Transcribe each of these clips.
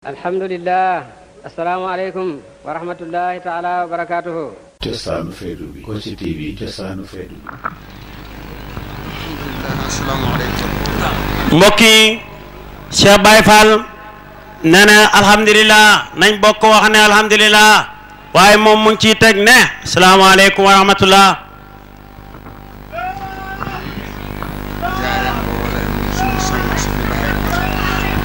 الحمد لله السلام عليكم ورحمة الله تعالى وبركاته جسان فيدوبي كوشي تي في جسان فيدوبي الحمد السلام عليكم موكي شاب باي فال نانا الحمد لله نان بوكو وخنا الحمد لله واي موم مون تك نه السلام عليكم ورحمة الله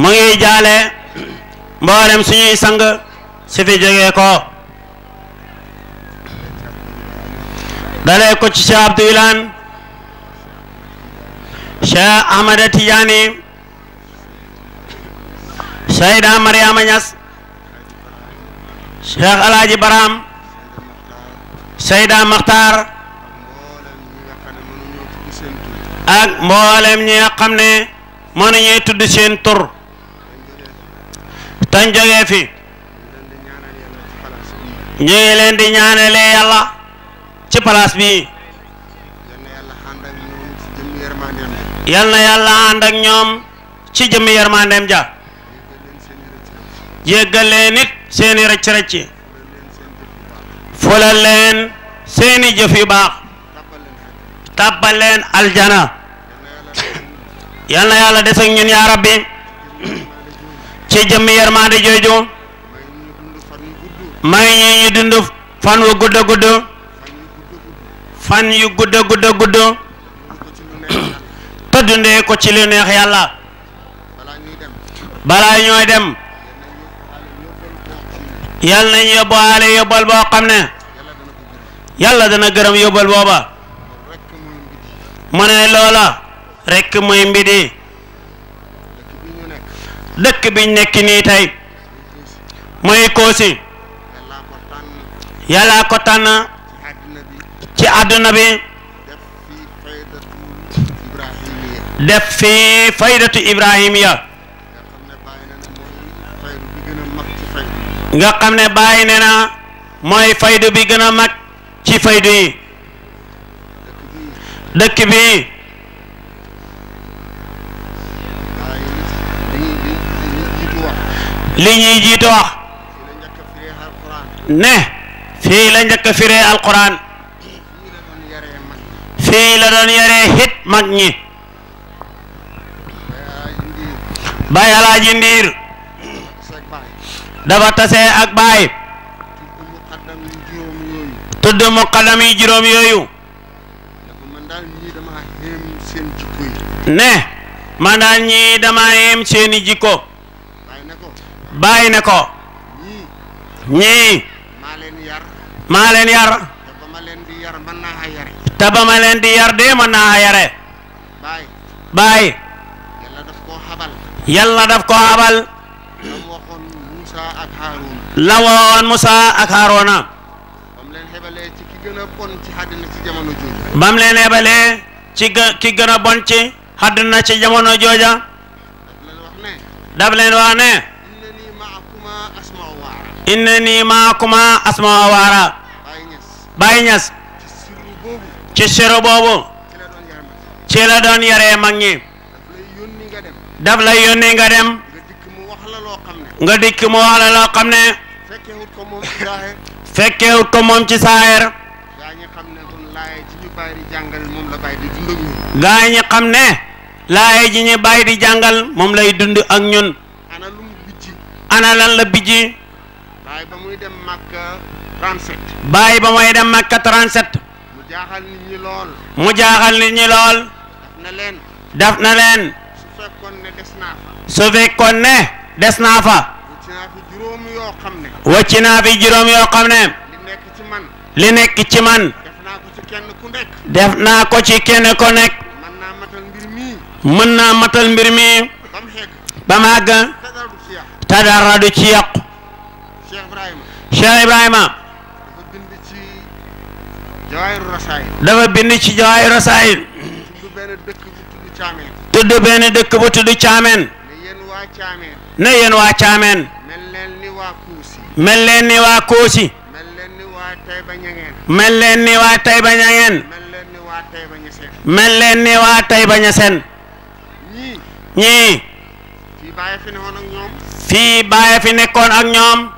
ما ngi mboolem suñuy sang si fi jógee ko dalee ko ci Cheikh Abdou Wilane Cheikh Ahmada Tidiane Sayda Mariama Baram Sayda Maxtaar mboolem ñi nga xam ne mënuñuy tudd seen tur bañ jógee fi ñu ngi leen di ñaanale yalla ci place bi yalla yalla and ak ñom ci jëm yermandem ja yéggal leen nit seeni recc recc fulal leen seeni jëf yu baax tabal leen aljana yalla yalla yàlla des ak ñun ya rabbi ci jëmm yermande jooju may ñu ñu dund fan wu gudd gudd fan yu gudd gudd gudd te dundee ko ci lu neex yàlla balaa ñooy dem yàlla nañ yóbbaale yóbbal boo xam ne yàlla dana gërëm yóbbal booba mu ne loola rekk mooy mbidi dëkk biñ nekk nii tey mooy Koosi yàllaa ko tànn ci àdduna bi def fii faydatu ibrahimiya nga xam ne bàyyi ne na mooy faydu bi gën a mag ci faydu yi dëkk bi li ñuy jiitu wax ne fi la njëkk firee alquran fi la doon yaree hit mag ñi bay alaaji ndiir dafa tassé ak bay tudd muqaddam yi juróom yoyu ne man daal dama yem seen jikko bàyyi ne ko ñii maa leen yar te ba ma leen di yar de mën naa yare bàyyi yàlla daf ko xabal la waxoon Musa ak Haaruna bam leen xebalee ci ki gën a ci jamono jooja bam leen xebalee ci ki bon ci àddina ci jamono jooja daf leen wax ne innani maakuma asma waara Baay Ñas ci siro boobu ci la doon yaree mag ñi daf lay yónni nga dem nga dikk mu wax la loo xam ne fekkewut ko moom ci saayer gaa ñi xam ne laaye ji ñu bàyyi di jàngal moom lay dund ak ñun ana lan la bijji muy dem Makka 37. bàyyi ba muy dem Makka 37. mu jaaxal nit ñi lool. mu jaaxal nit ñi lool. daf na leen. su fekkoon ne des naa fa. su naa fa. wàcc naa fi juróom yoo xam ne. li nekk ci man. li nekk ci def naa ko ci kenn ku nekk. ko ci kenn ku mën naa matal mbir mi. mën naa matal mbir mi. ba mu àgg. dara du ci yàqu. Cheikh Ibrahima dafa bind ci Jawaahiru Rasaayil tudd benn dëkk bu tudd Caameen ne yéen waa Caameen mel leen ni waa Koosi mel leen ni waa Tayba Ñangeen mel leen ni waa Tayba Ñaseen ñii fii baay fi nekkoon ak ñoom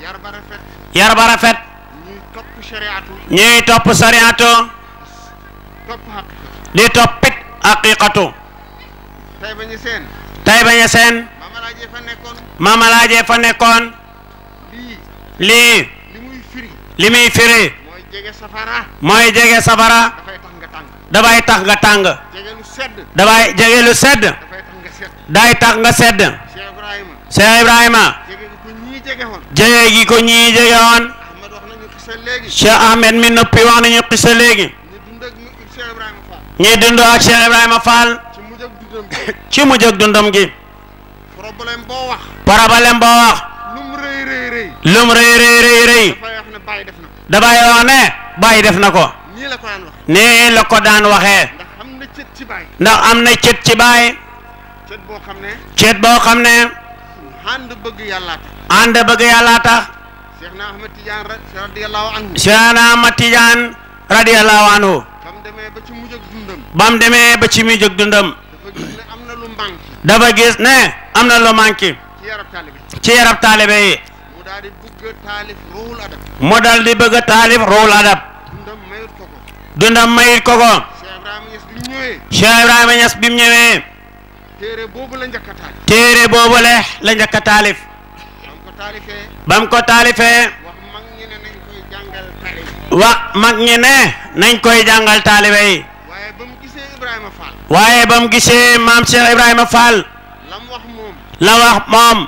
yar ba rafet topus topp shariatu li topit aqiqatu tay bañu seen tay bañu mama laaje fa nekkoon lii li limi firi mooy jege safara dafay tax nga tàng dafay lu sedd day tax nga sedd cheikh ibrahima jëye gi ko ñii jege woon Cheikh Ahmed mi noppi wax nañu xisa léegi ñuy dund ak Cheikh Ibrahima Fall ci mujj ak dundam gi problème boo wax lum rëy rëy rëy dafay wax ne bàyyi def na ko nii la ko daan waxee ndax am na cët ci bàyyi cët boo xam ne bëgg yàlla ànd bëgg yàlla tax Cheikhna Ahmad Ahmad Tidiane radiyallahu anhu bam demee ba ci mujjug dundam dafa gis ne am na lu manqué ci yarab taalibe yi mu daal di bëgg taalif ruhul adab dundam mayit koko dundam mayit koko Cheikh Ibrahima Niass boobu la njëkk a taalif téere boobu la taalif bam ko taalifee wa mag ñi ne nañ koy jàngal taalibe yi waaye ba mu gisee maam Cheikh Ibrahima Fall la wax moom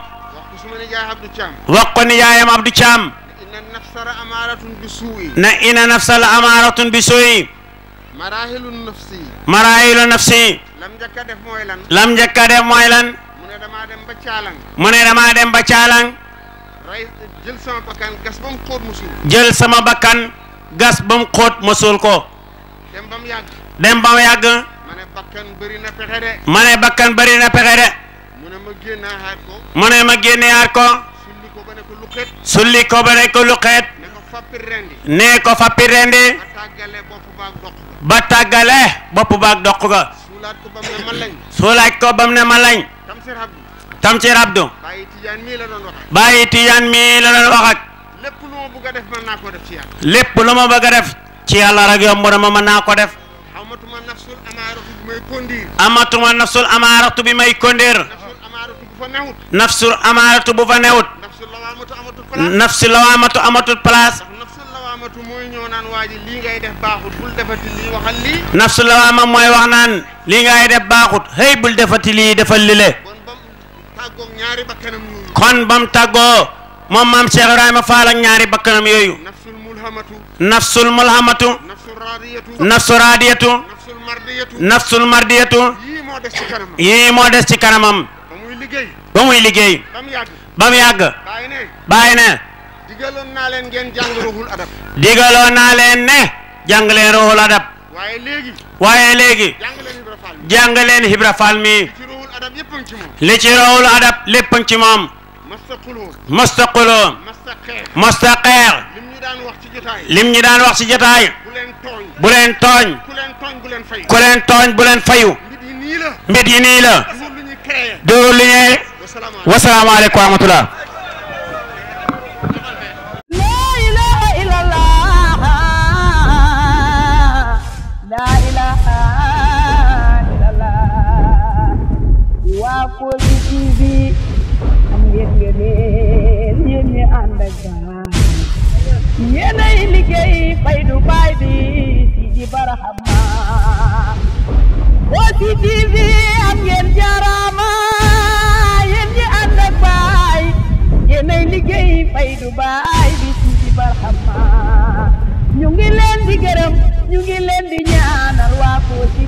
wax ko nijaayam Abdou Thiam na ina nafsa la amaaratun bi suuy maraahilu nafsi lam njëkk a def mooy lan lam njëkk a def mooy lan mu ne damaa dem ba jël sama bakkan gas ba mu xóot ma suul. jël sama bakkan gas ma suul ko. dem ba mu yàgg. dem ba mu yàgg. ma bakkan bëri na pexe de. ma bakkan bëri na ma génne aar ko. mu ma génne aar ko. sulli ko ba ne ko luqeet. sulli ba rendi. ba tàggale bopp baag doq ga. ba ko ba ne ma lañ. Tamsir Abdou. Baye Tidiane mii la doon wax ak. Baye Tidiane mii la doon wax ak. lépp lu ma bëgg a def mën naa ko def ci yàlla. lépp lu ma bëgg a def. ci yàlla rek yomb na ma mën naa ko def. amatuma nafsul amaaratu bi may kondir. amatuma nafsul amaaratu bi may kondir. nafsul amaaratu bu fa newut. nafsul amaaratu bu fa newut. nafsul lawaamatu amatul place. nafsul lawaamatu amatul place. nafsul lawaamatu mooy ñëw naan waa ji lii ngay def baaxut bul defati lii waxal lii. nafsul lawaama mooy wax naan lii ngay def baaxut hey bul defati lii defal lile. kon bam tàggoo moom maam Cheikh Ibrahima Fall ak ñaari bakkanam yooyu nafsul mulhamatu nafsul raadiyatu nafsul mardiyatu yii moo des ci kanamam ba muy liggéey ba mu yàgg bàyyi ne digaloon naa leen ngeen jàng ruuxul adab digaloon naa leen ne jàng leen ruuxul adab waaye léegi jàng leen Ibra Fall mi li ci rawul adab léppañ ci moom masta xuloo masta xeex lim ñu daan wax ci jotaay bu leen tooñ ku leen tooñ bu leen fayu mbir yi nii la dóorul li ñee wasalaamaaleykum wa Kossy TV am ngeen jaaraama yéen ñi ànd baay yéenay liggéey fay du baay bi ci barxama ñu ngi leen di gërëm ñu ngi leen